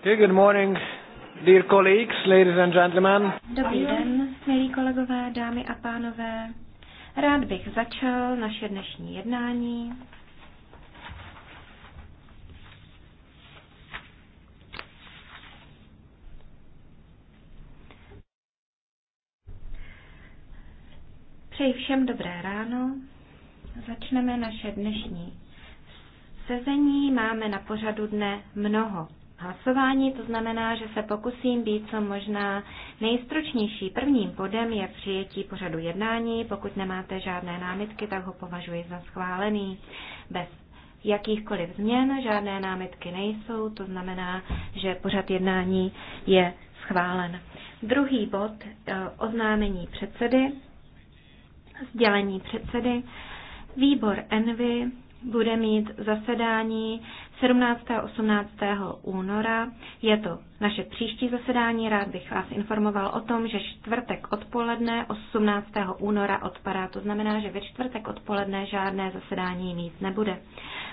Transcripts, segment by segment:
Okay, good morning, dear colleagues, ladies and gentlemen. Dobrý den, milí kolegové, dámy a pánové. Rád bych začal naše dnešní jednání. Přeji všem dobré ráno. Začneme naše dnešní sezení. Máme na pořadu dne mnoho hlasování, to znamená, že se pokusím být co možná nejstručnější. Prvním bodem je přijetí pořadu jednání. Pokud nemáte žádné námitky, tak ho považuji za schválený. Bez jakýchkoliv změn žádné námitky nejsou, to znamená, že pořad jednání je schválen. Druhý bod e, oznámení předsedy, sdělení předsedy. Výbor Envy bude mít zasedání 17. a 18. února. Je to naše příští zasedání. Rád bych vás informoval o tom, že čtvrtek odpoledne 18. února odpadá. To znamená, že ve čtvrtek odpoledne žádné zasedání mít nebude.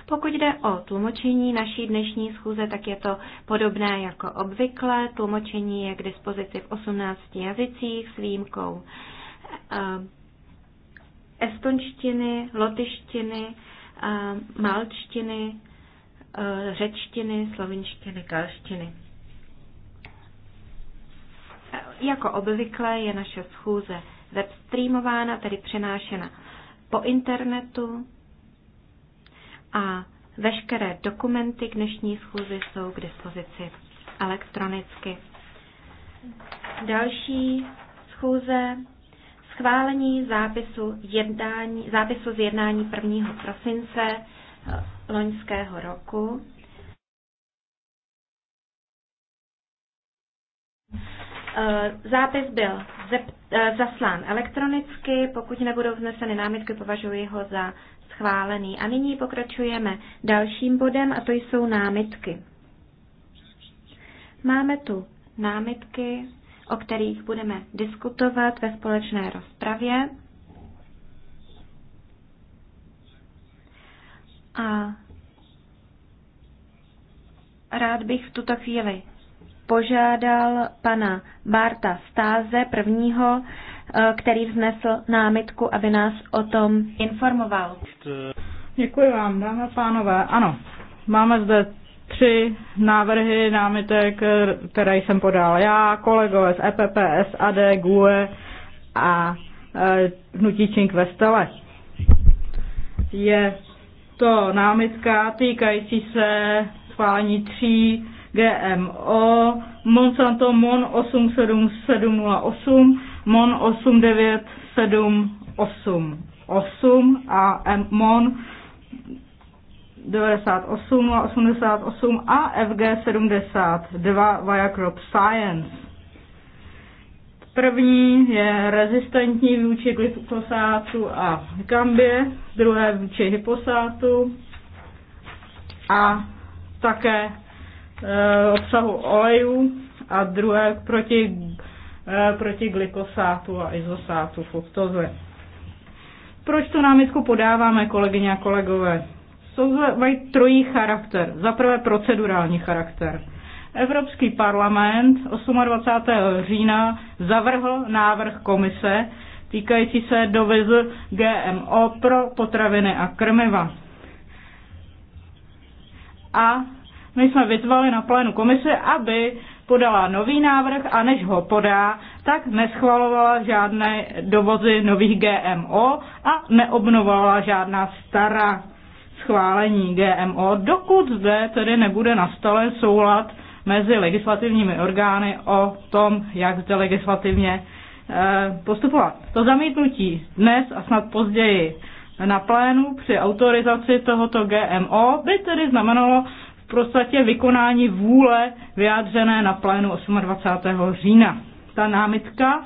Pokud jde o tlumočení naší dnešní schůze, tak je to podobné jako obvykle. Tlumočení je k dispozici v 18 jazycích s výjimkou eh, estonštiny, lotyštiny, eh, malčtiny, Eh, řečtiny, slovinštiny, kalštiny. Eh, jako obvykle je naše schůze webstreamována, tedy přenášena po internetu a veškeré dokumenty k dnešní schůzi jsou k dispozici elektronicky. Další schůze schválení zápisu, jednání, zápisu z jednání 1. prosince loňského roku. Eh, zápis byl eh, zaslán elektronicky, pokud nebudou vzneseny námitky, považuji ho za schválený. A nyní pokračujeme dalším bodem a to jsou námitky. Máme tu námitky, o kterých budeme diskutovat ve společné rozpravě. A rád bych v tuto chvíli požádal pana Barta Stáze, prvního, eh, který vznesl námitku, aby nás o tom informoval. Děkuji vám, dámy a pánové. Ano, máme zde tři návrhy námitek, které jsem podal já, kolegové z EPP, SAD, GUE a e, eh, Hnutí Čink ve stele. Je to námitka týkající se schválení 3 GMO, Monsanto MON 87708, MON 89788 a MON 98088 a FG 72 Viacrop Science. První je rezistentní vůči glyfosátu a kambě, druhé vůči hyposátu a také e, obsahu olejů a druhé proti, e, proti glykosátu a izosátu fruktoze. Proč tu námitku podáváme, kolegyně a kolegové? Jsou, mají trojí charakter. Za prvé procedurální charakter – Evropský parlament 28. října zavrhl návrh komise týkající se dovezu GMO pro potraviny a krmiva. A my jsme vyzvali na plénu komise, aby podala nový návrh a než ho podá, tak neschvalovala žádné dovozy nových GMO a neobnovovala žádná stará schválení GMO, dokud zde tedy nebude nastalen soulad mezi legislativními orgány o tom, jak zde legislativně eh, postupovat. To zamítnutí dnes a snad později na plénu při autorizaci tohoto GMO by tedy znamenalo v podstatě vykonání vůle vyjádřené na plénu 28. října. Ta námitka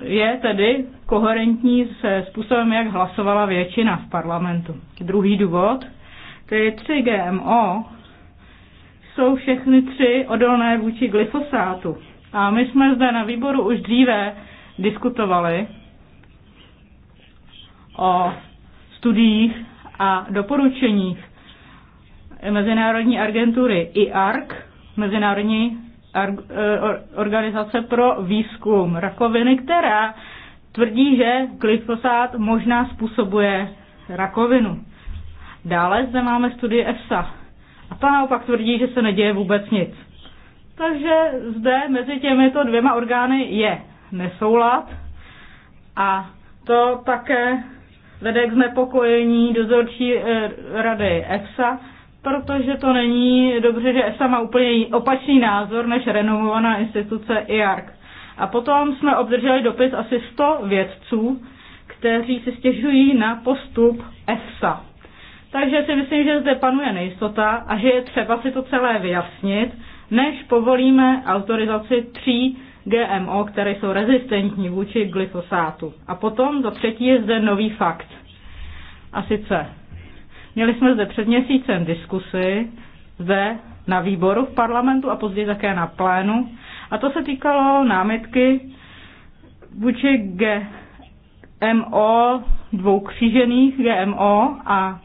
je tedy koherentní se způsobem, jak hlasovala většina v parlamentu. Druhý důvod, ty tři GMO jsou všechny tři odolné vůči glyfosátu. A my jsme zde na výboru už dříve diskutovali o studiích a doporučeních Mezinárodní agentury IARC, Mezinárodní eh, organizace pro výzkum rakoviny, která tvrdí, že glyfosát možná způsobuje rakovinu. Dále zde máme studii EFSA, a ta naopak tvrdí, že se neděje vůbec nic. Takže zde mezi těmito dvěma orgány je nesoulad a to také vede k znepokojení dozorčí eh, rady EFSA, protože to není dobře, že EFSA má úplně opačný názor než renovovaná instituce IARC. A potom jsme obdrželi dopis asi 100 vědců, kteří se stěžují na postup EFSA. Takže si myslím, že zde panuje nejistota a že je třeba si to celé vyjasnit, než povolíme autorizaci tří GMO, které jsou rezistentní vůči glyfosátu. A potom za třetí je zde nový fakt. A sice, měli jsme zde před měsícem diskusy zde na výboru v parlamentu a později také na plénu. A to se týkalo námitky vůči GMO, dvou křížených GMO a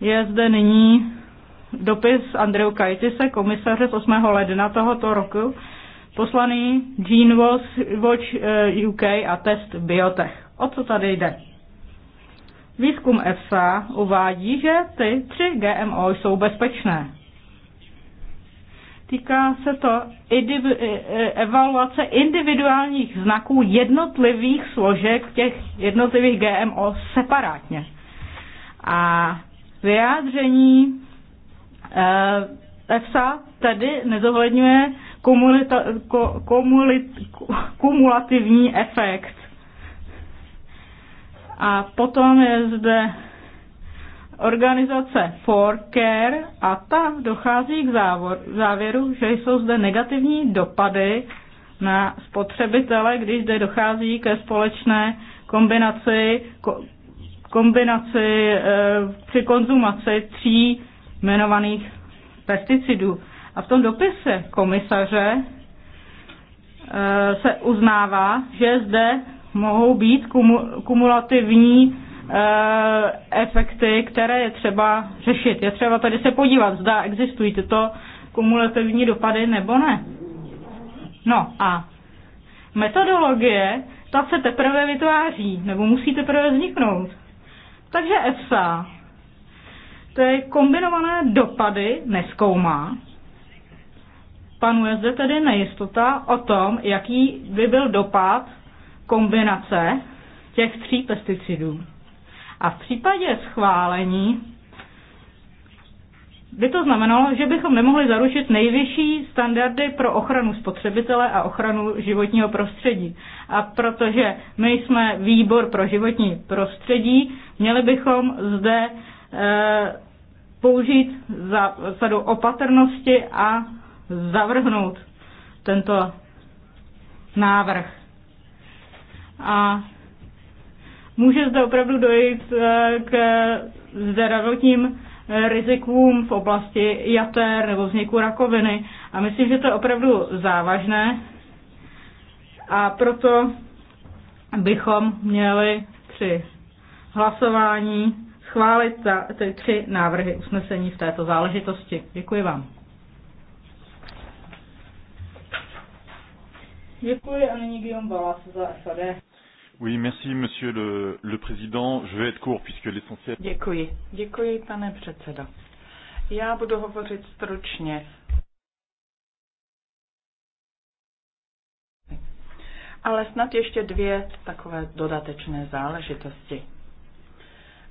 je zde nyní dopis Andreu Kajtise, komisaře z 8. ledna tohoto roku, poslaný Gene Watch eh, UK a test Biotech. O co tady jde? Výzkum EFSA uvádí, že ty tři GMO jsou bezpečné. Týká se to e- e- evaluace individuálních znaků jednotlivých složek těch jednotlivých GMO separátně. A vyjádření eh, EFSA tedy nezohledňuje kumulita, ko, kumulit, kumulativní efekt. A potom je zde organizace For Care a ta dochází k závor, závěru, že jsou zde negativní dopady na spotřebitele, když zde dochází ke společné kombinaci kombinaci eh, při konzumaci tří jmenovaných pesticidů. A v tom dopise komisaře eh, se uznává, že zde mohou být kumulativní eh, efekty, které je třeba řešit. Je třeba tady se podívat, zda existují tyto kumulativní dopady nebo ne. No a metodologie, ta se teprve vytváří, nebo musí teprve vzniknout. Takže EFSA je kombinované dopady neskoumá. Panuje zde tedy nejistota o tom, jaký by byl dopad kombinace těch tří pesticidů. A v případě schválení by to znamenalo, že bychom nemohli zaručit nejvyšší standardy pro ochranu spotřebitele a ochranu životního prostředí. A protože my jsme výbor pro životní prostředí, měli bychom zde e, použít zásadu opatrnosti a zavrhnout tento návrh. A může zde opravdu dojít eh, k zdravotním rizikům v oblasti jater nebo vzniku rakoviny. A myslím, že to je opravdu závažné a proto bychom měli při hlasování schválit ta, ty tři návrhy usnesení v této záležitosti. Děkuji vám. Děkuji a nyní Guillaume Balas za SAD. Oui, merci, monsieur le, le président. Je vais être court, puisque l'essentiel... Děkuji. Děkuji, pane předsedo. Já budu hovořit stručně. Ale snad ještě dvě takové dodatečné záležitosti.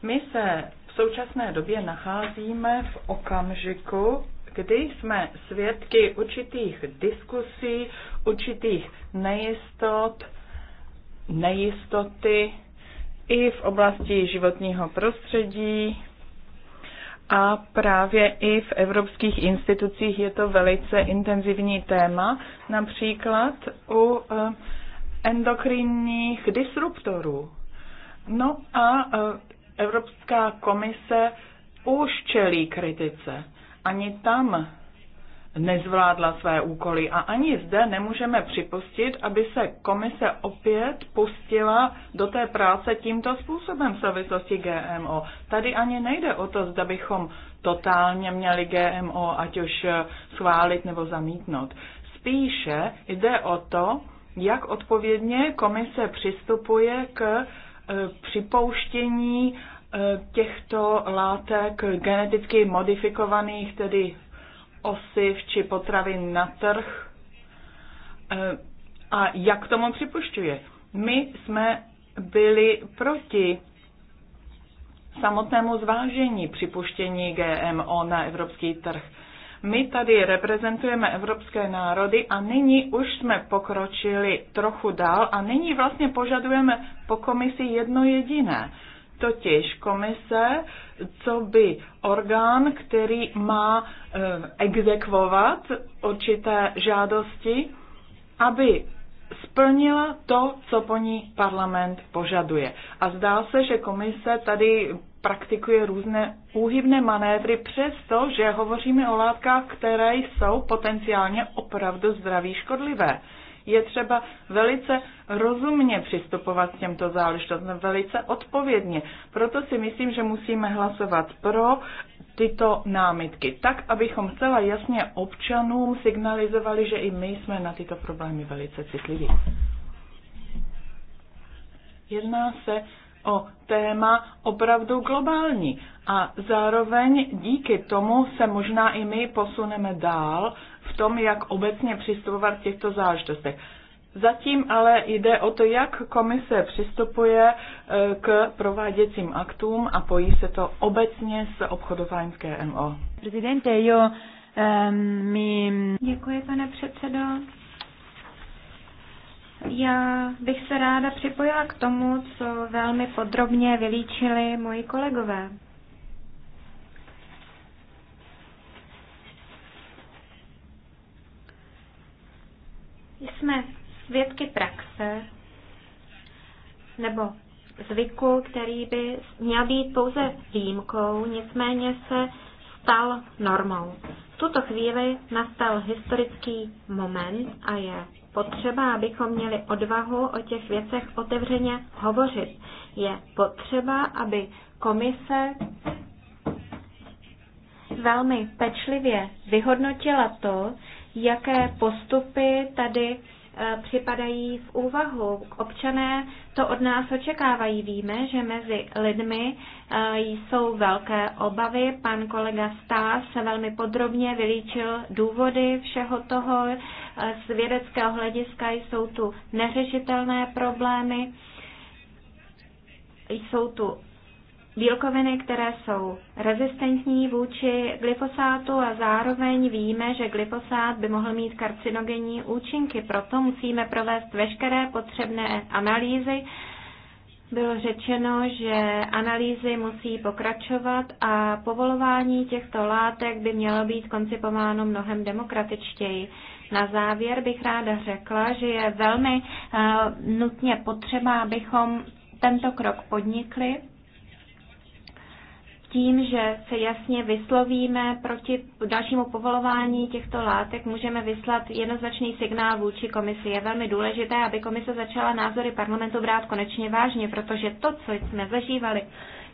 My se v současné době nacházíme v okamžiku, kdy jsme svědky určitých diskusí, určitých nejistot, nejistoty i v oblasti životního prostředí a právě i v evropských institucích je to velice intenzivní téma, například u eh, endokrinních disruptorů. No a eh, Evropská komise už čelí kritice. Ani tam nezvládla své úkoly. A ani zde nemůžeme připustit, aby se komise opět pustila do té práce tímto způsobem v souvislosti GMO. Tady ani nejde o to, zda bychom totálně měli GMO, ať už schválit nebo zamítnout. Spíše jde o to, jak odpovědně komise přistupuje k e, připouštění e, těchto látek geneticky modifikovaných, tedy osiv či potravin na trh e, a jak k tomu připušťuje. My jsme byli proti samotnému zvážení připuštění GMO na evropský trh. My tady reprezentujeme evropské národy a nyní už jsme pokročili trochu dál a nyní vlastně požadujeme po komisi jedno jediné. Totiž komise co by orgán, který má eh, exekvovat určité žádosti, aby splnila to, co po ní parlament požaduje. A zdá se, že komise tady praktikuje různé úhybné manévry, přesto, že hovoříme o látkách, které jsou potenciálně opravdu zdraví škodlivé je třeba velice rozumně přistupovat k těmto záležitostem, velice odpovědně. Proto si myslím, že musíme hlasovat pro tyto námitky, tak, abychom zcela jasně občanům signalizovali, že i my jsme na tyto problémy velice citliví. Jedná se o téma opravdu globální a zároveň díky tomu se možná i my posuneme dál v tom, jak obecně přistupovat k těchto záležitostech. Zatím ale jde o to, jak komise přistupuje e, k prováděcím aktům a pojí se to obecně s obchodováním s GMO. Prezidente, jo, my... Děkuji, pane předsedo. Já bych se ráda připojila k tomu, co velmi podrobně vylíčili moji kolegové. jsme svědky praxe nebo zvyku, který by měl být pouze výjimkou, nicméně se stal normou. V tuto chvíli nastal historický moment a je potřeba, abychom měli odvahu o těch věcech otevřeně hovořit. Je potřeba, aby komise velmi pečlivě vyhodnotila to, jaké postupy tady eh, připadají v úvahu. Občané to od nás očekávají. Víme, že mezi lidmi eh, jsou velké obavy. Pan kolega Stás se velmi podrobně vylíčil důvody všeho toho. Eh, z vědeckého hlediska jsou tu neřešitelné problémy, jsou tu bílkoviny, které jsou rezistentní vůči glyfosátu a zároveň víme, že glyfosát by mohl mít karcinogenní účinky. Proto musíme provést veškeré potřebné analýzy. Bylo řečeno, že analýzy musí pokračovat a povolování těchto látek by mělo být koncipováno mnohem demokratičtěji. Na závěr bych ráda řekla, že je velmi eh, nutně potřeba, abychom tento krok podnikli tím, že se jasně vyslovíme proti dalšímu povolování těchto látek, můžeme vyslat jednoznačný signál vůči komisi. Je velmi důležité, aby komise začala názory parlamentu brát konečně vážně, protože to, co jsme zažívali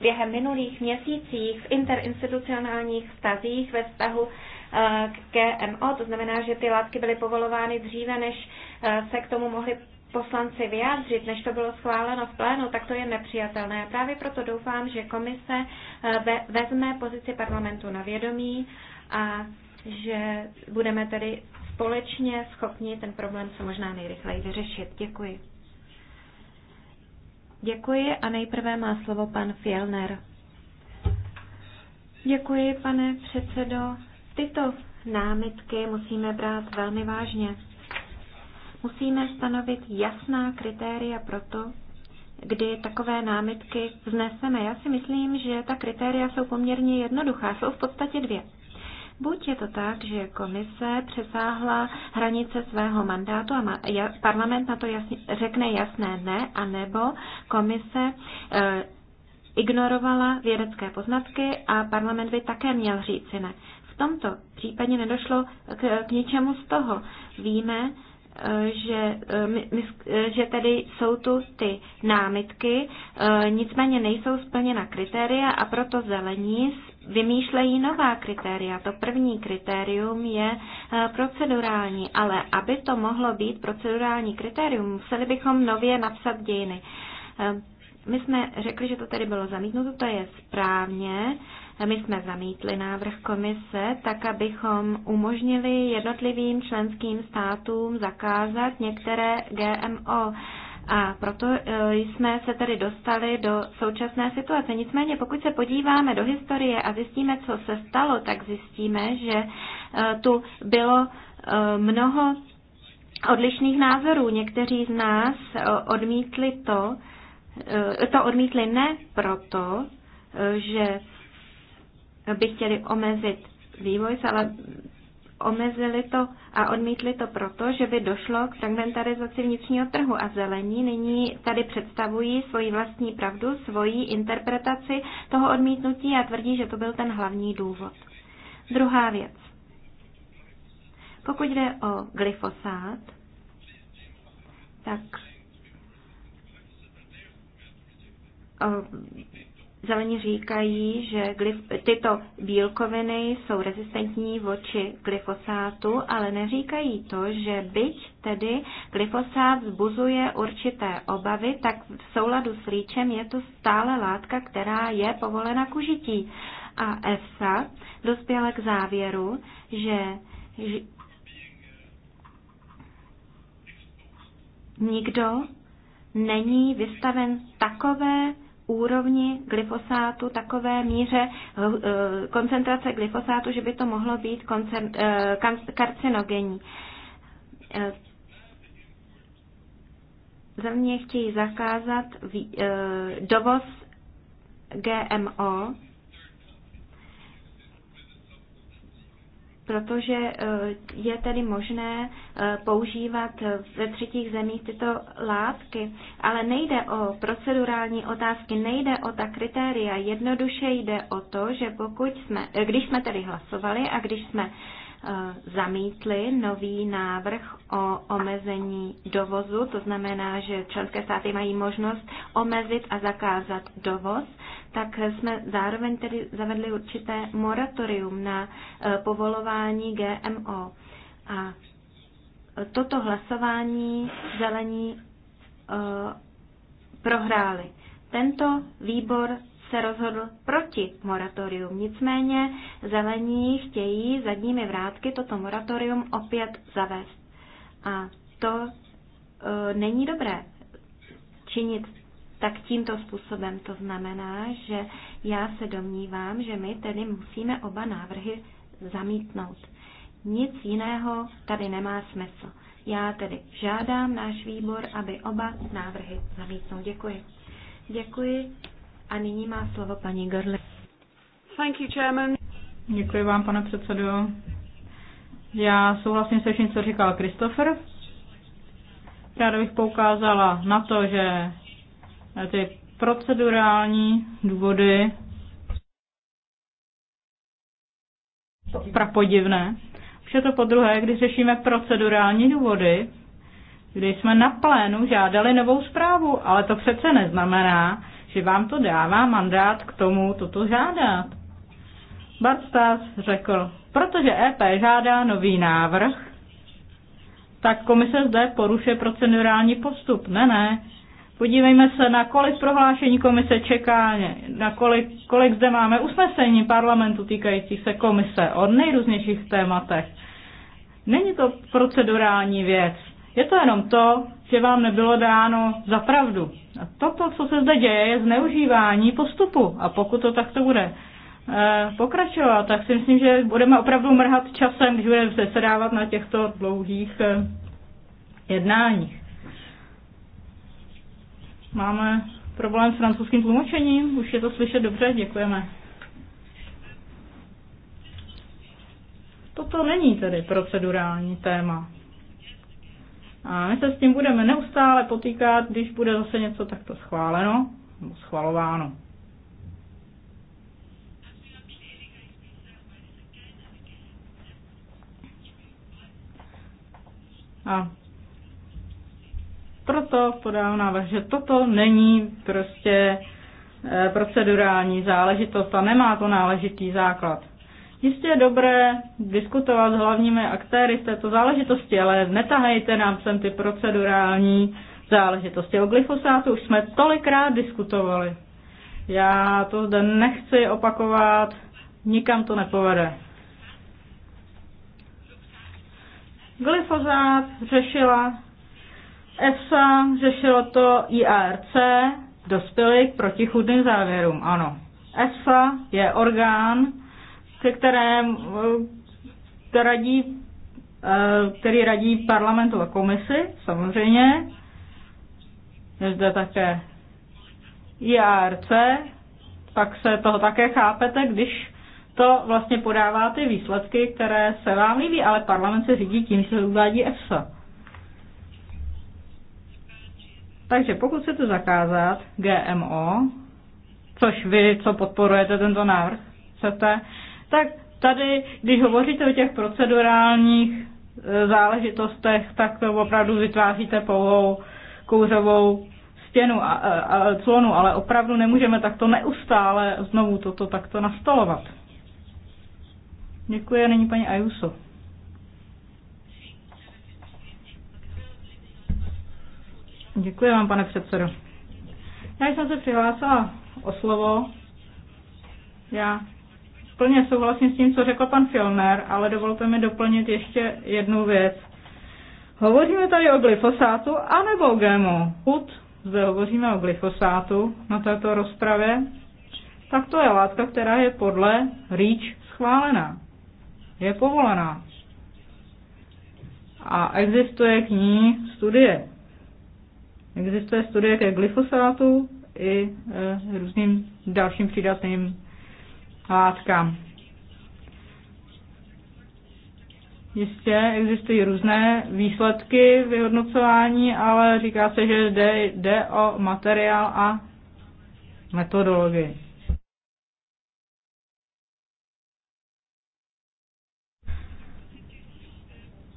během minulých měsících v interinstitucionálních vztazích ve vztahu eh, k KMO, to znamená, že ty látky byly povolovány dříve, než eh, se k tomu mohly poslanci vyjádřit, než to bylo schváleno v plénu, tak to je nepřijatelné. Právě proto doufám, že komise eh, vezme pozici parlamentu na vědomí a že budeme tedy společně schopni ten problém co možná nejrychleji vyřešit. Děkuji. Děkuji a nejprve má slovo pan Fielner. Děkuji, pane předsedo. Tyto námitky musíme brát velmi vážně. Musíme stanovit jasná kritéria pro to, kdy takové námitky vzneseme. Já si myslím, že ta kritéria jsou poměrně jednoduchá. Jsou v podstatě dvě. Buď je to tak, že komise přesáhla hranice svého mandátu a parlament na to jasně, řekne jasné ne, anebo komise e, ignorovala vědecké poznatky a parlament by také měl říci ne. V tomto případě nedošlo k, k ničemu z toho. Víme, že, e, e, že tedy jsou tu ty námitky, e, nicméně nejsou splněna kritéria a proto zelení vymýšlejí nová kritéria. To první kritérium je procedurální, ale aby to mohlo být procedurální kritérium, museli bychom nově napsat dějiny. My jsme řekli, že to tedy bylo zamítnuto, to je správně, my jsme zamítli návrh komise, tak abychom umožnili jednotlivým členským státům zakázat některé GMO. A proto e, jsme se tedy dostali do současné situace. Nicméně, pokud se podíváme do historie a zjistíme, co se stalo, tak zjistíme, že e, tu bylo e, mnoho odlišných názorů. Někteří z nás odmítli to, to odmítli ne proto, že by chtěli omezit vývoj, ale omezili to a odmítli to proto, že by došlo k fragmentarizaci vnitřního trhu a zelení nyní tady představují svoji vlastní pravdu, svoji interpretaci toho odmítnutí a tvrdí, že to byl ten hlavní důvod. Druhá věc. Pokud jde o glyfosát, tak Zelení říkají, že glif- tyto bílkoviny jsou rezistentní voči glyfosátu, ale neříkají to, že byť tedy glyfosát vzbuzuje určité obavy, tak v souladu s líčem je to stále látka, která je povolena k užití. A EFSA dospěla k závěru, že nikdo není vystaven takové úrovni glyfosátu takové míře eh, koncentrace glyfosátu, že by to mohlo být eh, karcinogenní. Eh, země chtějí zakázat dovoz GMO protože eh, je tedy možné eh, používat eh, ve třetích zemích tyto látky. Ale nejde o procedurální otázky, nejde o ta kritéria. Jednoduše jde o to, že pokud jsme, když jsme tedy hlasovali a když jsme zamítli nový návrh o omezení dovozu, to znamená, že členské státy mají možnost omezit a zakázat dovoz, tak jsme zároveň tedy zavedli určité moratorium na e, povolování GMO. A toto hlasování zelení e, prohráli. Tento výbor se rozhodl proti moratorium. Nicméně zelení chtějí zadními vrátky toto moratorium opět zavést. A to e, není dobré činit tak tímto způsobem. To znamená, že já se domnívám, že my tedy musíme oba návrhy zamítnout. Nic jiného tady nemá smysl. Já tedy žádám náš výbor, aby oba návrhy zamítnul. Děkuji. Děkuji. A nyní má slovo paní Gorle. Thank you, Chairman. Děkuji vám, pane předsedo. Já souhlasím se vším, co říkal Christopher. Ráda bych poukázala na to, že ty procedurální důvody prapodivné. Už je to po druhé, když řešíme procedurální důvody, kdy jsme na plénu žádali novou zprávu, ale to přece neznamená, že vám to dává mandát k tomu toto žádat. Barstas řekl, protože EP žádá nový návrh, tak komise zde porušuje procedurální postup. Ne, ne, Podívejme se, na kolik prohlášení komise čeká, na kolik, kolik zde máme usnesení parlamentu týkajících se komise o nejrůznějších tématech. Není to procedurální věc. Je to jenom to, že vám nebylo dáno za pravdu. A toto, co se zde děje, je zneužívání postupu. A pokud to takto bude eh, pokračovat, tak si myslím, že budeme opravdu mrhat časem, když budeme sedávat na těchto dlouhých eh, jednáních. Máme problém s francouzským tlumočením, už je to slyšet dobře, děkujeme. Toto není tedy procedurální téma. A my se s tím budeme neustále potýkat, když bude zase něco takto schváleno nebo schvalováno. A proto podávám návrh, že toto není prostě eh, procedurální záležitost a nemá to náležitý základ. Jistě je dobré diskutovat s hlavními aktéry v této záležitosti, ale netahejte nám sem ty procedurální záležitosti. O glyfosátu už jsme tolikrát diskutovali. Já to zde nechci opakovat, nikam to nepovede. Glyfozát řešila ESA řešilo to IARC, dospěli k protichudným závěrům, ano. ESA je orgán, ke kterém, který radí, který radí parlamentu a komisi, samozřejmě. Je zde také IARC, pak se toho také chápete, když to vlastně podává ty výsledky, které se vám líbí, ale parlament se řídí tím, že se uvádí EFSA. Takže pokud chcete zakázat GMO, což vy, co podporujete tento návrh, chcete, tak tady, když hovoříte o těch procedurálních e, záležitostech, tak to opravdu vytváříte pouhou kouřovou stěnu a, e, a clonu, ale opravdu nemůžeme takto neustále znovu toto takto nastolovat. Děkuji, není paní Ajuso. Děkuji vám, pane předsedo. Já jsem se přihlásila o slovo. Já plně souhlasím s tím, co řekl pan Filner, ale dovolte mi doplnit ještě jednu věc. Hovoříme tady o glyfosátu anebo o GMO. Hud, zde hovoříme o glyfosátu na této rozpravě, tak to je látka, která je podle REACH schválená. Je povolená. A existuje k ní studie. Existuje studie ke glyfosátu i e, různým dalším přidatným látkám. Jistě existují různé výsledky vyhodnocování, ale říká se, že jde, jde o materiál a metodologii.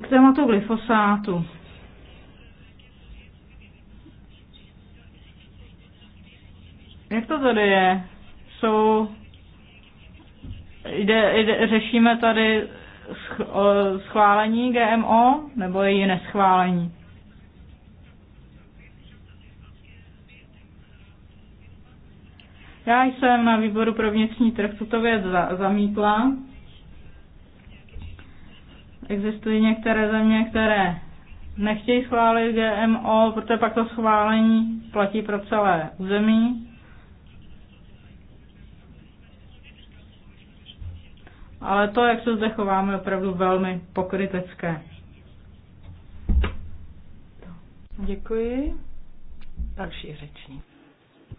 K tématu glyfosátu. Jak to tady je? Jsou... Jde, jde, řešíme tady sch, o, schválení GMO nebo její neschválení? Já jsem na výboru pro vnitřní trh tuto věc za, zamítla. Existují některé země, které nechtějí schválit GMO, protože pak to schválení platí pro celé území. ale to, jak se zde chováme, je opravdu velmi pokrytecké. Děkuji. Další řečník.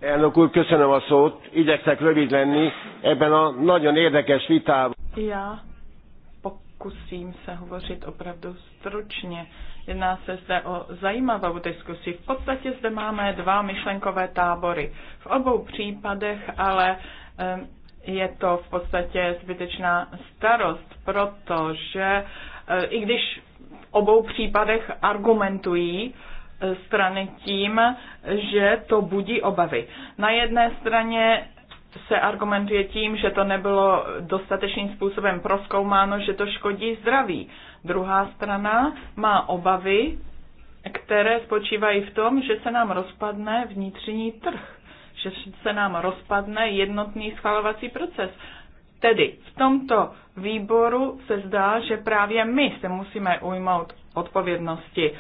Elnök úr, köszönöm a szót. Igyekszek rövid lenni ebben a nagyon érdekes vitában. Já pokusím se hovořit opravdu stručně. Jedná se zde o zajímavou diskusi. V podstatě zde máme dva myšlenkové tábory. V obou případech ale je to v podstatě zbytečná starost, protože eh, i když v obou případech argumentují eh, strany tím, že to budí obavy. Na jedné straně se argumentuje tím, že to nebylo dostatečným způsobem proskoumáno, že to škodí zdraví. Druhá strana má obavy, které spočívají v tom, že se nám rozpadne vnitřní trh že se nám rozpadne jednotný schvalovací proces. Tedy v tomto výboru se zdá, že právě my se musíme ujmout odpovědnosti. E,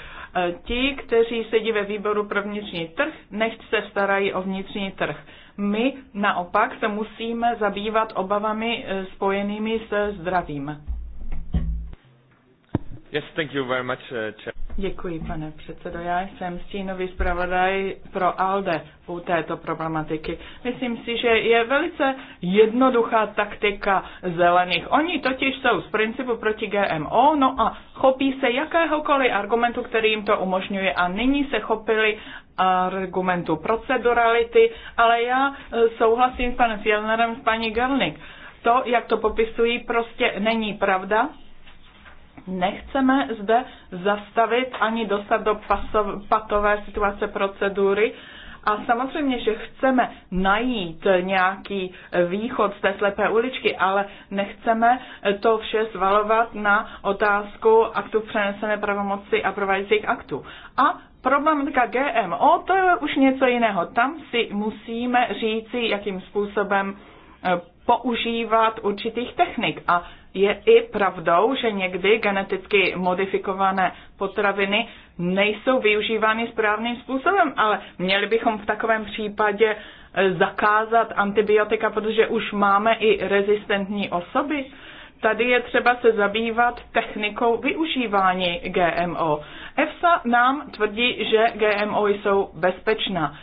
ti, kteří sedí ve výboru pro vnitřní trh, nechť se starají o vnitřní trh. My naopak se musíme zabývat obavami e, spojenými se zdravím. Yes, thank you very much, uh, Děkuji, pane předsedo. Já jsem stínový zpravodaj pro ALDE u této problematiky. Myslím si, že je velice jednoduchá taktika zelených. Oni totiž jsou z principu proti GMO, no a chopí se jakéhokoliv argumentu, který jim to umožňuje. A nyní se chopili argumentu procedurality, ale já eh, souhlasím s panem Fjellnerem, s paní Gelnik. To, jak to popisují, prostě není pravda nechceme zde zastavit ani dostat do pasov, patové situace procedury. A samozřejmě, že chceme najít nějaký východ z té slepé uličky, ale nechceme to vše zvalovat na otázku aktu přenesené pravomoci a provádějících aktů. A problematika GMO, to je už něco jiného. Tam si musíme říci, jakým způsobem eh, používat určitých technik. A je i pravdou, že někdy geneticky modifikované potraviny nejsou využívány správným způsobem, ale měli bychom v takovém případě e, zakázat antibiotika, protože už máme i rezistentní osoby. Tady je třeba se zabývat technikou využívání GMO. EFSA nám tvrdí, že GMO jsou bezpečná.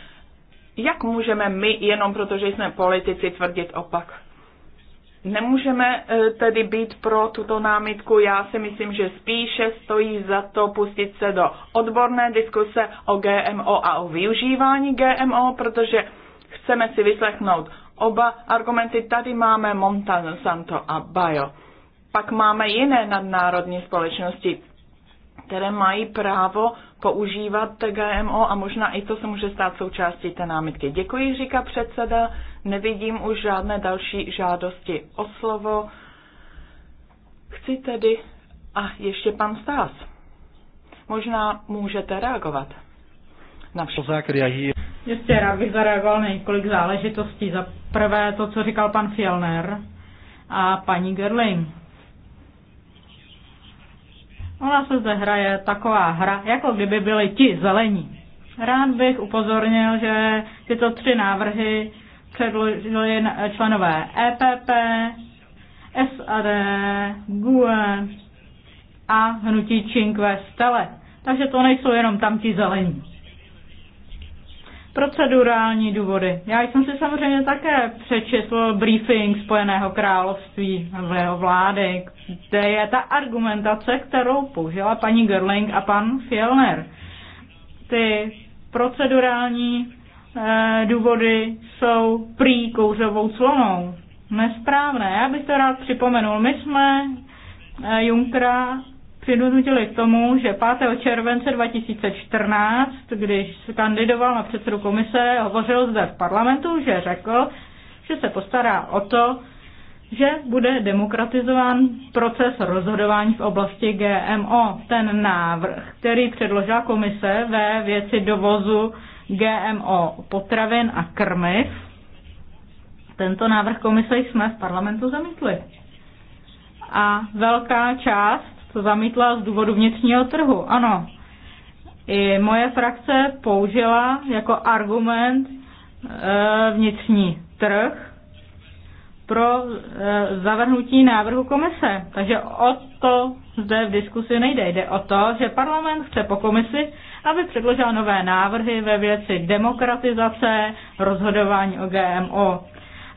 Jak můžeme my, jenom protože jsme politici, tvrdit opak? Nemůžeme e, tedy být pro tuto námitku. Já si myslím, že spíše stojí za to pustit se do odborné diskuse o GMO a o využívání GMO, protože chceme si vyslechnout oba argumenty. Tady máme Montan Santo a Bio. Pak máme jiné nadnárodní společnosti, které mají právo používat GMO a možná i to se může stát součástí té námitky. Děkuji, říká předseda. Nevidím už žádné další žádosti o slovo. Chci tedy... A ještě pan Stás. Možná můžete reagovat. Na všechno. Ještě rád bych zareagoval na několik záležitostí. Za prvé to, co říkal pan Fielner a paní Gerling Ona se zde hraje taková hra, jako kdyby byli ti zelení. Rád bych upozornil, že tyto tři návrhy předložili členové EPP, SAD, GUE a hnutí Cinque Stele. Takže to nejsou jenom tam ti zelení. Procedurální důvody. Já jsem si samozřejmě také přečetl briefing Spojeného království nebo jeho vlády, kde je ta argumentace, kterou použila paní Gerling a pan Fielner. Ty procedurální eh, důvody jsou prý kouřovou clonou. Nesprávné. Já bych to rád připomenul. My jsme eh, Junkra přinutili k tomu, že 5. července 2014, když kandidoval na předsedu komise, hovořil zde v parlamentu, že řekl, že se postará o to, že bude demokratizován proces rozhodování v oblasti GMO. Ten návrh, který předložila komise ve věci dovozu GMO potravin a krmiv, tento návrh komise jsme v parlamentu zamítli. A velká část to zamítla z důvodu vnitřního trhu. Ano, i moje frakce použila jako argument eh, vnitřní trh pro eh, zavrhnutí návrhu komise. Takže o to zde v diskusi nejde. Jde o to, že parlament chce po komisi, aby předložila nové návrhy ve věci demokratizace, rozhodování o GMO.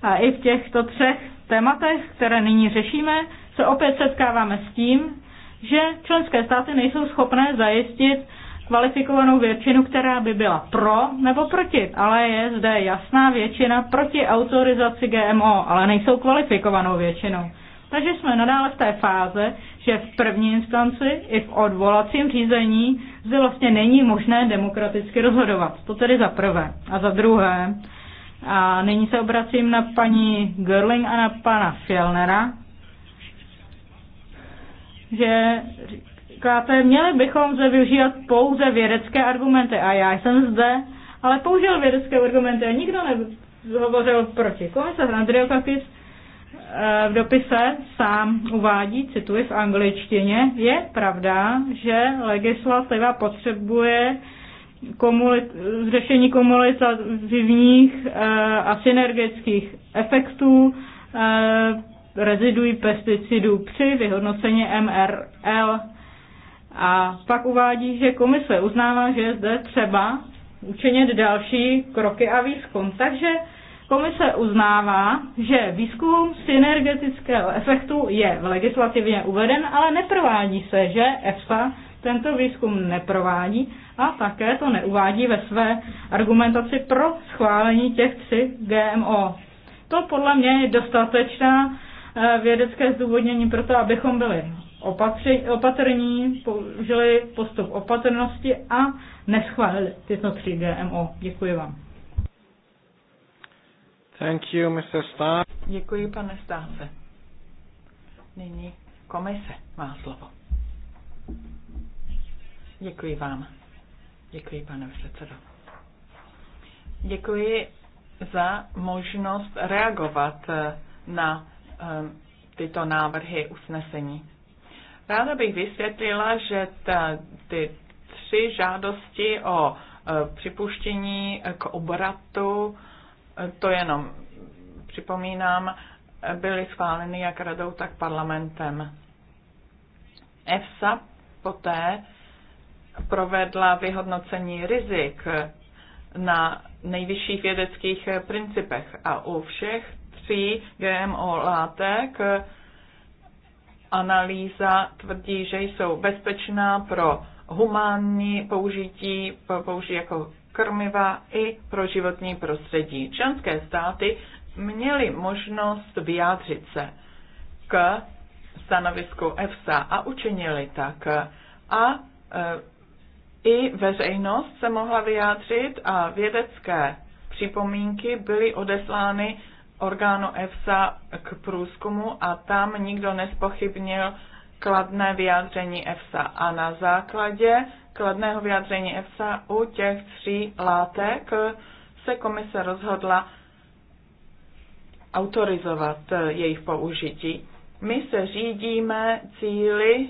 A i v těchto třech tématech, které nyní řešíme, se opět setkáváme s tím, že členské státy nejsou schopné zajistit kvalifikovanou většinu, která by byla pro nebo proti, ale je zde jasná většina proti autorizaci GMO, ale nejsou kvalifikovanou většinou. Takže jsme nadále v té fáze, že v první instanci i v odvolacím řízení zde vlastně není možné demokraticky rozhodovat. To tedy za prvé. A za druhé, a nyní se obracím na paní Görling a na pana Fjellnera, že říkáte, měli bychom zde využívat pouze vědecké argumenty a já jsem zde, ale použil vědecké argumenty a nikdo nehovořil proti. Komisař Andriokakis eh, v dopise sám uvádí, cituji v angličtině, je pravda, že legislativa potřebuje komulit, řešení komunitativních e, a synergických efektů, e, rezidují pesticidů při vyhodnocení MRL. A pak uvádí, že komise uznává, že je zde třeba učinit další kroky a výzkum. Takže komise uznává, že výzkum synergetického efektu je v legislativě uveden, ale neprovádí se, že EFSA tento výzkum neprovádí a také to neuvádí ve své argumentaci pro schválení těch tří GMO. To podle mě je dostatečná Eh, vědecké zdůvodnění pro to, abychom byli opatři, opatrní, použili postup opatrnosti a neschválili tyto tři GMO. Děkuji vám. Thank you, Mr. Staff. Děkuji, pane Stáfe. Nyní komise má slovo. Děkuji vám. Děkuji, pane předsedo. Děkuji za možnost reagovat eh, na Eh, tyto návrhy usnesení. Ráda bych vysvětlila, že ta, ty tři žádosti o eh, připuštění k obratu, eh, to jenom připomínám, byly schváleny jak radou, tak parlamentem. EFSA poté provedla vyhodnocení rizik na nejvyšších vědeckých principech a u všech emisí GMO látek. Analýza tvrdí, že jsou bezpečná pro humánní použití, použití jako krmiva i pro životní prostředí. Členské státy měly možnost vyjádřit se k stanovisku EFSA a učinili tak. A e, i veřejnost se mohla vyjádřit a vědecké připomínky byly odeslány orgánu EFSA k průzkumu a tam nikdo nespochybnil kladné vyjádření EFSA. A na základě kladného vyjádření EFSA u těch tří látek se komise rozhodla autorizovat jejich použití. My se řídíme cíly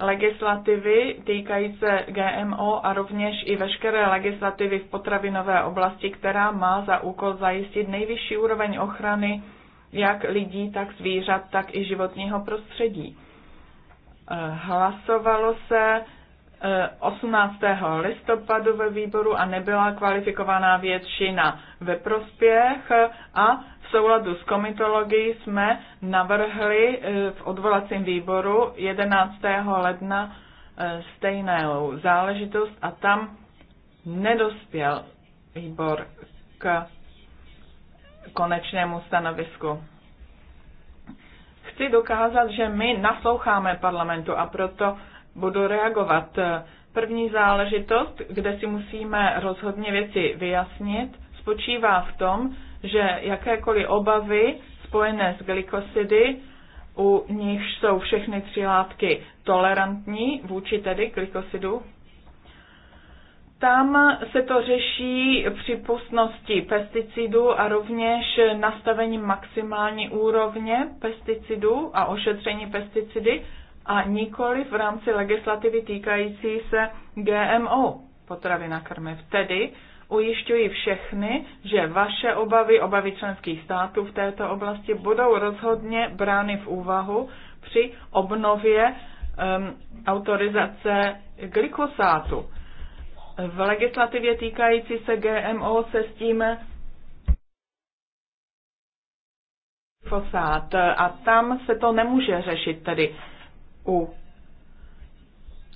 legislativy týkající se GMO a rovněž i veškeré legislativy v potravinové oblasti, která má za úkol zajistit nejvyšší úroveň ochrany jak lidí, tak zvířat, tak i životního prostředí. Eh, hlasovalo se 18. Eh, listopadu ve výboru a nebyla kvalifikovaná většina ve prospěch a souladu s komitologií jsme navrhli eh, v odvolacím výboru 11. ledna eh, stejnou záležitost a tam nedospěl výbor k konečnému stanovisku. Chci dokázat, že my nasloucháme parlamentu a proto budu reagovat. První záležitost, kde si musíme rozhodně věci vyjasnit, spočívá v tom, že jakékoliv obavy spojené s glykosidy, u nich jsou všechny tři látky tolerantní vůči tedy glykosidu, tam se to řeší připustnosti pesticidů a rovněž nastavení maximální úrovně pesticidů a ošetření pesticidy a nikoli v rámci legislativy týkající se GMO potravina krmiv. Tedy Ujišťuji všechny, že vaše obavy, obavy členských států v této oblasti budou rozhodně brány v úvahu při obnově um, autorizace glykosátu. V legislativě týkající se GMO se s tím glykosát a tam se to nemůže řešit tedy u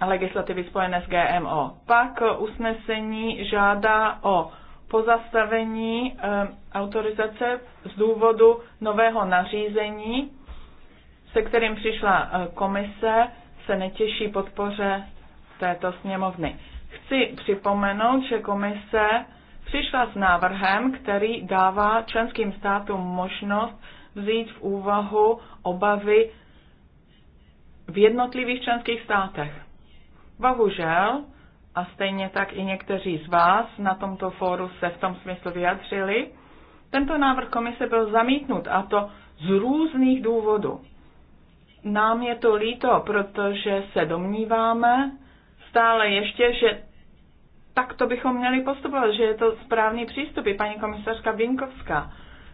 legislativy spojené s GMO. Pak usnesení žádá o pozastavení eh, autorizace z důvodu nového nařízení, se kterým přišla eh, komise, se netěší podpoře této sněmovny. Chci připomenout, že komise přišla s návrhem, který dává členským státům možnost vzít v úvahu obavy v jednotlivých členských státech Bohužel, a stejně tak i někteří z vás na tomto fóru se v tom smyslu vyjadřili, tento návrh komise byl zamítnut a to z různých důvodů. Nám je to líto, protože se domníváme stále ještě, že tak to bychom měli postupovat, že je to správný přístup. I paní komisařka Vinkovská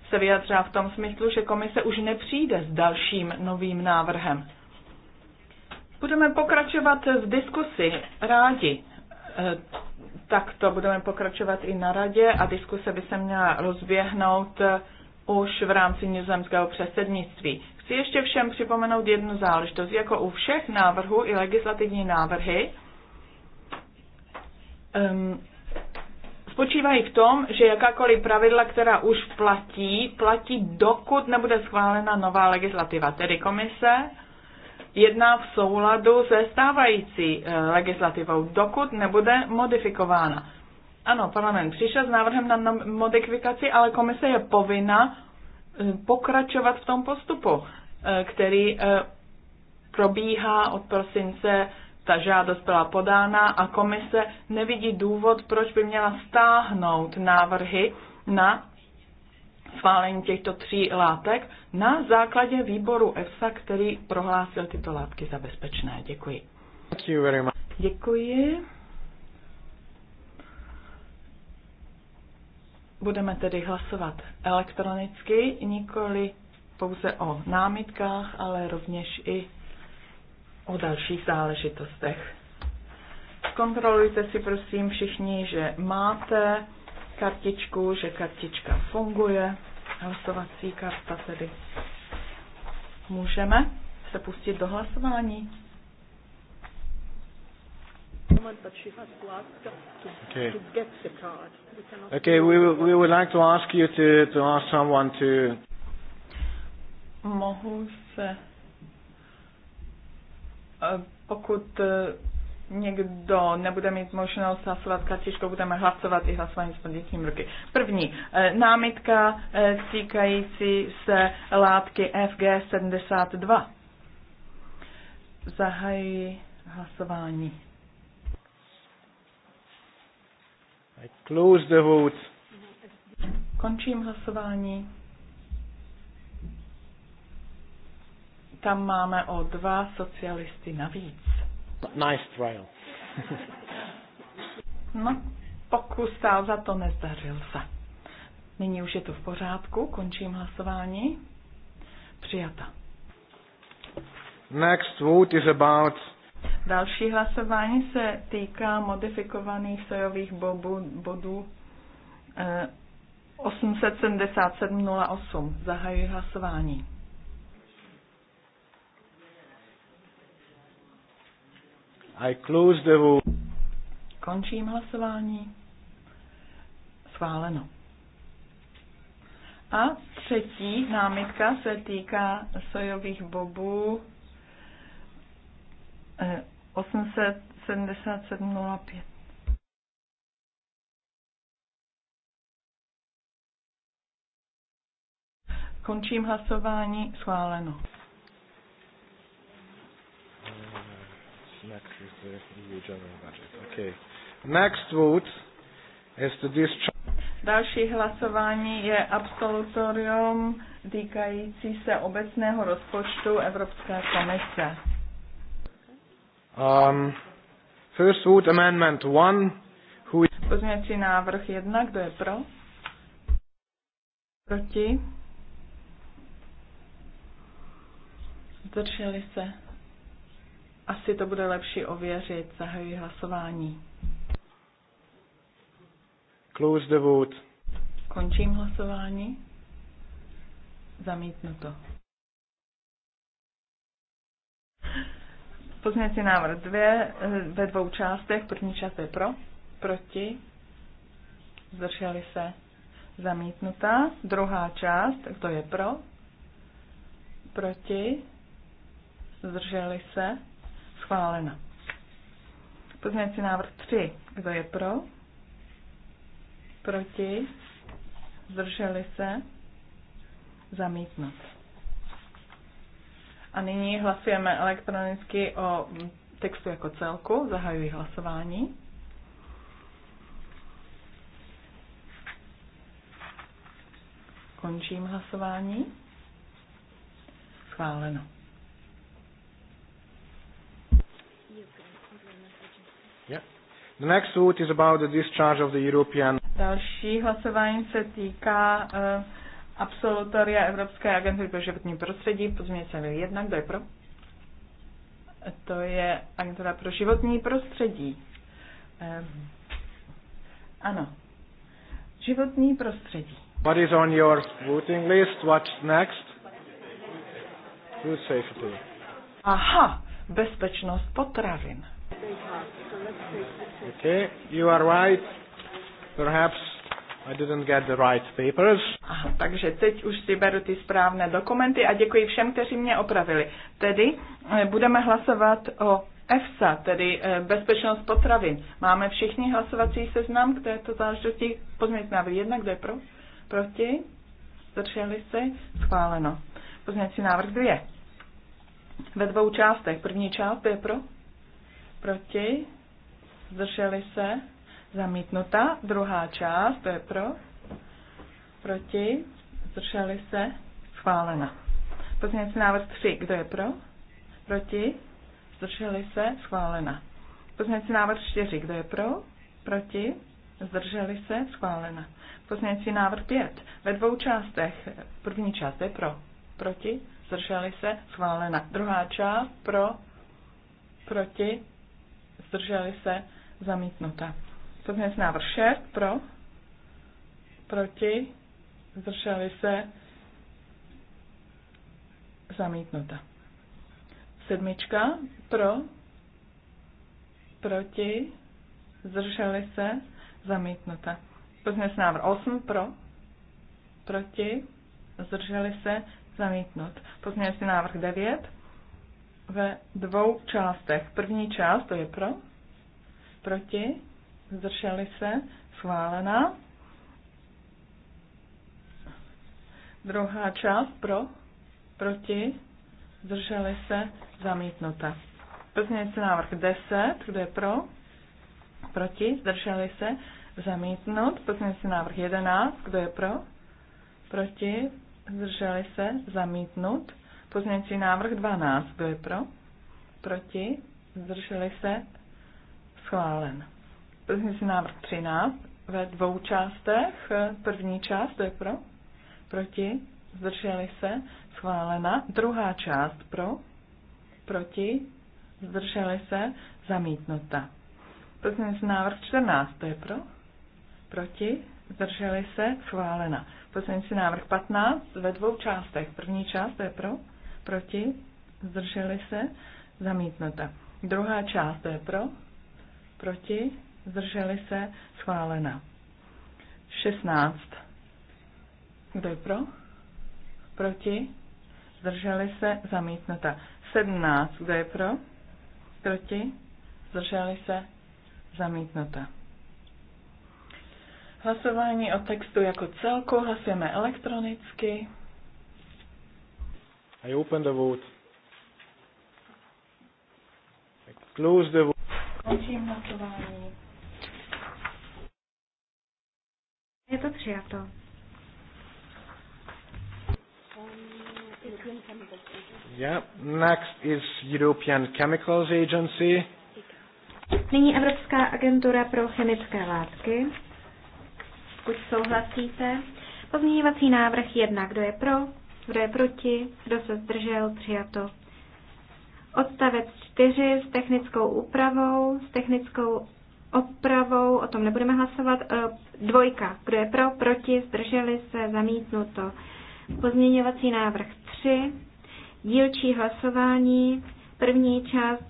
se vyjadřila v tom smyslu, že komise už nepřijde s dalším novým návrhem. Budeme pokračovat v diskusi. Rádi. Eh, tak to budeme pokračovat i na radě a diskuse by se měla rozběhnout eh, už v rámci nizozemského předsednictví. Chci ještě všem připomenout jednu záležitost. Jako u všech návrhů i legislativní návrhy um, spočívají v tom, že jakákoliv pravidla, která už platí, platí dokud nebude schválena nová legislativa. Tedy komise jedná v souladu se stávající eh, legislativou, dokud nebude modifikována. Ano, parlament přišel s návrhem na modifikaci, ale komise je povinna eh, pokračovat v tom postupu, eh, který probíhá od prosince. Ta žádost byla podána a komise nevidí důvod, proč by měla stáhnout návrhy na schválení těchto tří látek na základě výboru EFSA, který prohlásil tyto látky za bezpečné. Děkuji. Děkuji. Budeme tedy hlasovat elektronicky, nikoli pouze o námitkách, ale rovněž i o dalších záležitostech. Zkontrolujte si prosím všichni, že máte kartičku, že kartička funguje, hlasovací karta tedy. Můžeme se pustit do hlasování? okay. We okay, we, will, we would like to ask you to, to ask someone to... Mohu se... Eh, pokud eh, někdo nebude mít možnost hlasovat kartičkou, budeme hlasovat i hlasování s podnětím ruky. První eh, námitka eh, týkající se látky FG72. Zahajuji hlasování. I close the vote. Končím hlasování. Tam máme o dva socialisty navíc. Nice trial. no, pokus stál za to, nezdařil se. Nyní už je to v pořádku, končím hlasování. Přijata. Next vote is about Další hlasování se týká modifikovaných sojových bobu, bodů 877.08. Eh, Zahajuji hlasování. I close the vote. Končím hlasování. Schváleno. A třetí námitka se týká sojových bobů 877.05. Eh, Končím hlasování. Schváleno. Next is the EU general budget. Okay. Next vote is the discharge. Další hlasování je absolutorium týkající se obecného rozpočtu Evropské komise. Um, first vote amendment one. Who is... Pozměňovací návrh jedna, kdo je pro? Proti? Zdrželi se. Asi to bude lepší ověřit. Zahajuji hlasování. Close the vote. Končím hlasování. Zamítnuto. Pozměňovací návrh dvě eh, ve dvou částech. První část je pro, proti, zdrželi se, zamítnutá. Druhá část, kdo je pro, proti, zdrželi se, Schválena. Pozměňující návrh 3. Kdo je pro? Proti? Zdrželi se? Zamítnout. A nyní hlasujeme elektronicky o textu jako celku. Zahajuji hlasování. Končím hlasování. Schváleno. The next vote is about the discharge of the European. Další hlasování se týká uh, absolutoria Evropské agentury pro životní prostředí, mi jedna, kdo je pro? To je agentura pro životní prostředí. Um, ano. Životní prostředí. What is on your voting list? What's next? Food safety. Aha, bezpečnost potravin. Okay, you are right. Perhaps I didn't get the right papers. Aha, takže teď už si beru ty správné dokumenty a děkuji všem, kteří mě opravili. Tedy eh, budeme hlasovat o EFSA, tedy eh, bezpečnost potravin. Máme všichni hlasovací seznam k této záležitosti. Pozměňující návrh jedna, kdo je pro? Proti? Zdrželi se? Schváleno. Pozměňující návrh dvě ve dvou částech. První část je pro, proti, zdrželi se, zamítnuta. Druhá část je pro, proti, zdrželi se, schválena. Pozměňovací návrh 3, kdo je pro, proti, zdrželi se, schválena. Pozměňovací návrh 4, kdo je pro, proti, zdrželi se, schválena. Pozměňovací návrh 5, ve dvou částech. První část je pro, proti, zdrželi se, schválena. Druhá část pro, proti, zdrželi se, zamítnuta. Pozměnit návrh 6 pro, proti, zdrželi se, zamítnuta. Sedmička pro, proti, zdrželi se, zamítnuta. Pozměnit návrh 8 pro, proti, zdrželi se, Zamítnut. Pozměňovací návrh 9 ve dvou částech. První část, to je pro, proti, zdrželi se, schválená. Druhá část pro, proti, zdrželi se, zamítnuta. Pozměňující návrh 10, kde je pro, proti, zdrželi se, zamítnut. Pozměňující návrh 11, kdo je pro, proti, Zdrželi se? Zamítnut. Pozměňující návrh 12. Kdo je pro? Proti? Zdrželi se? Schválen. Pozměňující návrh 13 ve dvou částech. První část, kdo je pro? Proti? Zdrželi se? Schválena. Druhá část pro? Proti? Zdrželi se? Zamítnuta. Pozměňující návrh 14. Kdo je pro? Proti? Zdrželi se? Schválena. Pozměňující návrh 15 ve dvou částech. První část to je pro, proti, zdrželi se, zamítnuta. Druhá část to je pro, proti, zdrželi se, schválena. 16. Kdo je pro? Proti? Zdrželi se? Zamítnuta. 17. Kdo je pro? Proti? Zdrželi se? Zamítnuta. Hlasování o textu jako celku hlasujeme elektronicky. I open the vote. I close the vote. Končím hlasování. Je to přijato. Yeah. Next is European Chemicals Agency. Nyní Evropská agentura pro chemické látky pokud souhlasíte. Pozměňovací návrh 1. Kdo je pro? Kdo je proti? Kdo se zdržel? Přijato. Odstavec 4 s technickou úpravou, s technickou opravou, o tom nebudeme hlasovat. E, dvojka. Kdo je pro? Proti? Zdrželi se? Zamítnuto. Pozměňovací návrh 3. Dílčí hlasování. První část.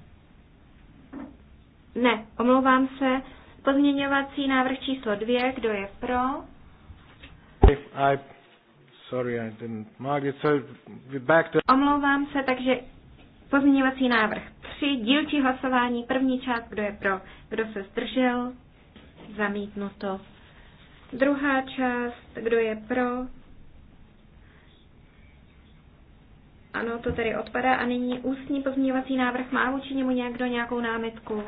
Ne, omlouvám se. Pozměňovací návrh číslo dvě, kdo je pro? I, sorry, I didn't mark it, so back to... Omlouvám se, takže pozměňovací návrh tři, dílčí hlasování, první část, kdo je pro, kdo se zdržel, zamítnuto. Druhá část, kdo je pro, ano, to tedy odpadá a nyní ústní pozměňovací návrh. Má vůči němu někdo nějakou námitku?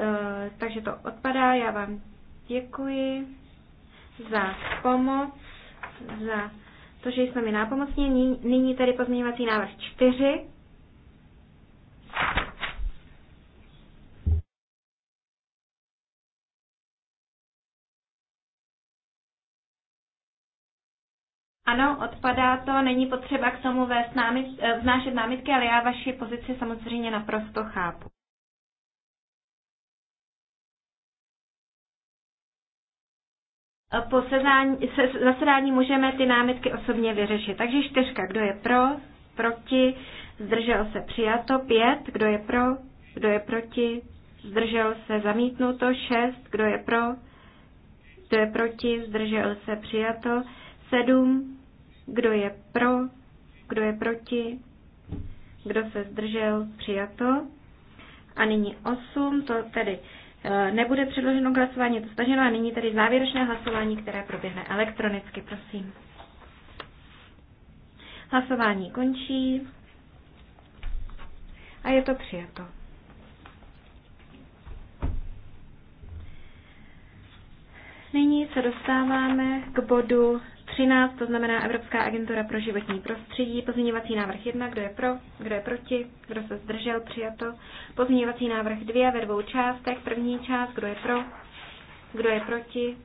Eh, takže to odpadá. Já vám děkuji za pomoc, za to, že jsme mi nápomocní. Nyní tady pozměňovací návrh 4. Ano, odpadá to, není potřeba k tomu vést námi, eh, vznášet námitky, ale já vaši pozici samozřejmě naprosto chápu. po sezání, se, zasedání můžeme ty námitky osobně vyřešit. Takže čtyřka, kdo je pro, proti, zdržel se přijato, pět, kdo je pro, kdo je proti, zdržel se zamítnuto, šest, kdo je pro, kdo je proti, zdržel se přijato, sedm, kdo je pro, kdo je proti, kdo se zdržel, přijato. A nyní osm, to tedy Eh, nebude předloženo k hlasování, je to staženo a nyní tedy závěrečné hlasování, které proběhne elektronicky, prosím. Hlasování končí a je to přijato. Nyní se dostáváme k bodu 13, to znamená Evropská agentura pro životní prostředí. Pozměňovací návrh 1, kdo je pro, kdo je proti, kdo se zdržel, přijato. Pozměňovací návrh 2 ve dvou částech. První část, kdo je pro, kdo je proti,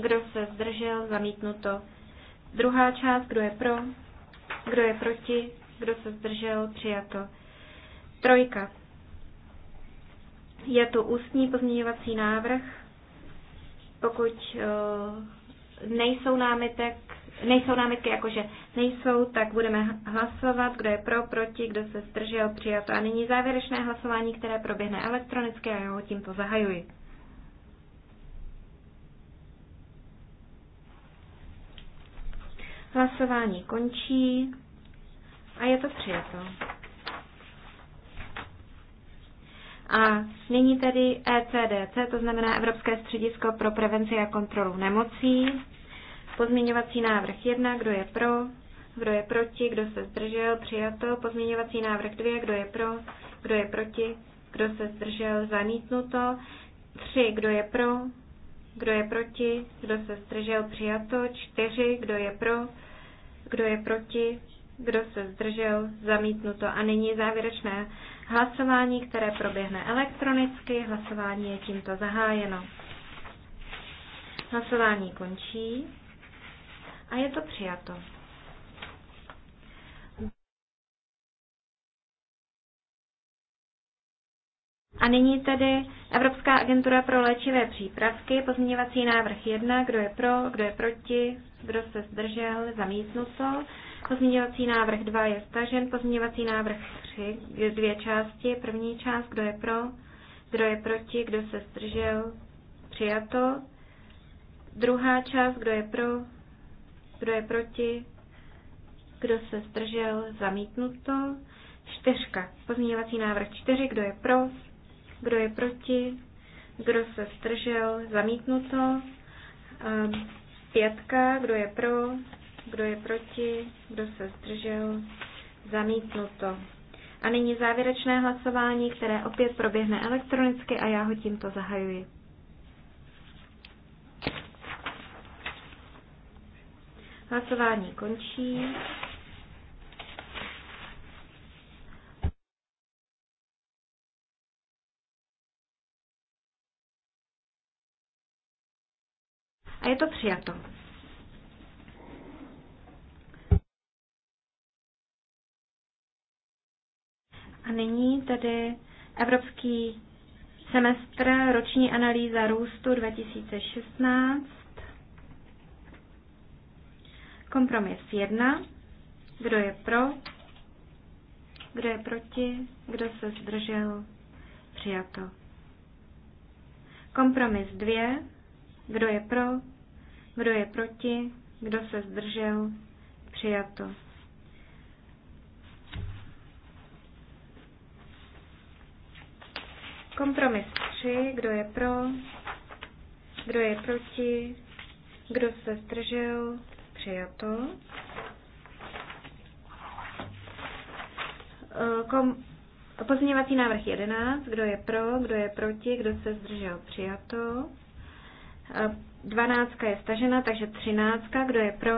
kdo se zdržel, zamítnuto. Druhá část, kdo je pro, kdo je proti, kdo se zdržel, přijato. Trojka. Je to ústní pozměňovací návrh. Pokud eh, nejsou námitek, nejsou námitky, jakože nejsou, tak budeme hlasovat, kdo je pro, proti, kdo se zdržel, přijato. A nyní závěrečné hlasování, které proběhne elektronicky a já ho tímto zahajuji. Hlasování končí a je to přijato. A nyní tedy ECDC, to znamená Evropské středisko pro prevenci a kontrolu nemocí. Pozměňovací návrh 1, kdo je pro, kdo je proti, kdo se zdržel, přijato. Pozměňovací návrh 2, kdo je pro, kdo je proti, kdo se zdržel, zamítnuto. 3, kdo je pro, kdo je proti, kdo se zdržel, přijato. 4, kdo je pro, kdo je proti, kdo se zdržel, zamítnuto. A nyní závěrečné hlasování, které proběhne elektronicky. Hlasování je tímto zahájeno. Hlasování končí a je to přijato. A nyní tedy Evropská agentura pro léčivé přípravky, pozměňovací návrh 1, kdo je pro, kdo je proti, kdo se zdržel, zamítnuto. Pozměňovací návrh 2 je stažen. Pozměňovací návrh 3 je dvě části. První část, kdo je pro, kdo je proti, kdo se zdržel, přijato. Druhá část, kdo je pro, kdo je proti, kdo se zdržel, zamítnuto. Čtyřka. Pozměňovací návrh 4. Kdo je pro? Kdo je proti? Kdo se zdržel? Zamítnuto. Ehm, pětka. Kdo je pro? kdo je proti, kdo se zdržel, zamítnuto. A nyní závěrečné hlasování, které opět proběhne elektronicky a já ho tímto zahajuji. Hlasování končí. A je to přijato. A nyní tedy Evropský semestr roční analýza růstu 2016. Kompromis 1. Kdo je pro? Kdo je proti? Kdo se zdržel? Přijato. Kompromis 2. Kdo je pro? Kdo je proti? Kdo se zdržel? Přijato. Kompromis 3, kdo je pro, kdo je proti, kdo se zdržel, přijato. Eh, kom, pozměňovací návrh 11, kdo je pro, kdo je proti, kdo se zdržel, přijato. 12 eh, je stažena, takže 13, kdo je pro,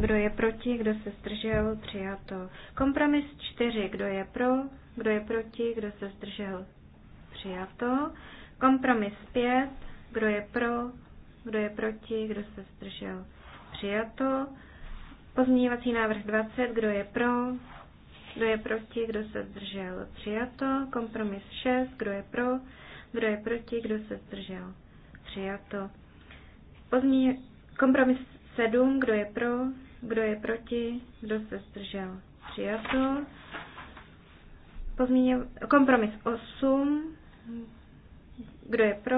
kdo je proti, kdo se zdržel, přijato. Kompromis 4, kdo je pro, kdo je proti, kdo se zdržel, Přijato. Kompromis 5. Kdo je pro? Kdo je proti? Kdo se zdržel? Přijato. Pozměňovací návrh 20. Kdo je pro? Kdo je proti? Kdo se zdržel? Přijato. Kompromis 6. Kdo je pro? Kdo je proti? Kdo se zdržel? Přijato. Pozměň... Kompromis 7. Kdo je pro? Kdo je proti? Kdo se zdržel? Přijato. Pozměně... Kompromis 8. Kdo je pro?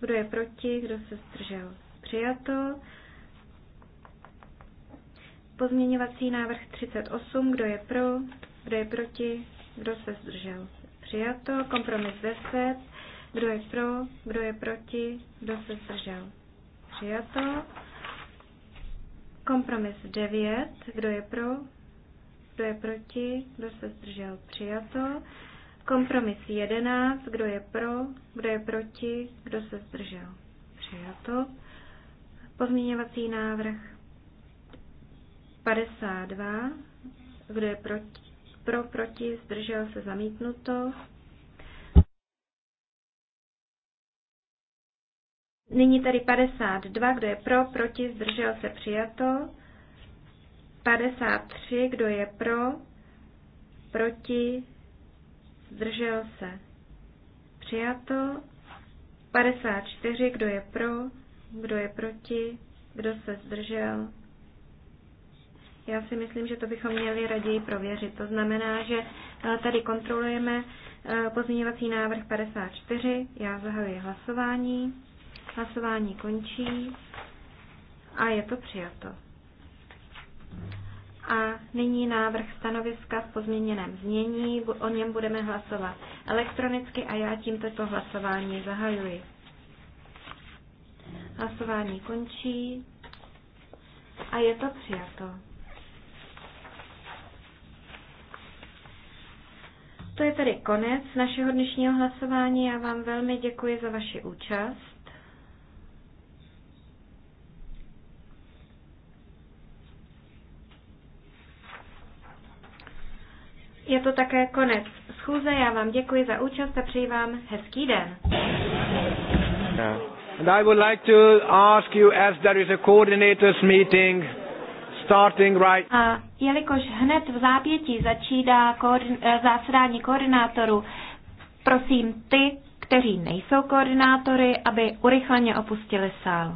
Kdo je proti? Kdo se zdržel? Přijato. Pozměňovací návrh 38. Kdo je pro? Kdo je proti? Kdo se zdržel? Přijato. Kompromis 10. Kdo je pro? Kdo je proti? Kdo se zdržel? Přijato. Kompromis 9. Kdo je pro? Kdo je proti? Kdo se zdržel? Přijato. Kompromis 11. Kdo je pro? Kdo je proti? Kdo se zdržel? Přijato. Pozměňovací návrh 52. Kdo je proti? Pro, proti, zdržel se zamítnuto. Nyní tady 52, kdo je pro, proti, zdržel se přijato. 53, kdo je pro, proti, zdržel se. Přijato 54, kdo je pro, kdo je proti, kdo se zdržel. Já si myslím, že to bychom měli raději prověřit. To znamená, že eh, tady kontrolujeme eh, pozměňovací návrh 54. Já zahajuji hlasování. Hlasování končí a je to přijato. A nyní návrh stanoviska v pozměněném znění, o něm budeme hlasovat elektronicky a já tímto to hlasování zahajuji. Hlasování končí a je to přijato. To je tedy konec našeho dnešního hlasování. Já vám velmi děkuji za vaši účast. je to také konec schůze. Já vám děkuji za účast a přeji vám hezký den. And I would like to ask you as there is a coordinators meeting starting right. A jelikož hned v zápětí začíná koordin- eh, zasedání koordinátorů, prosím ty, kteří nejsou koordinátory, aby urychleně opustili sál.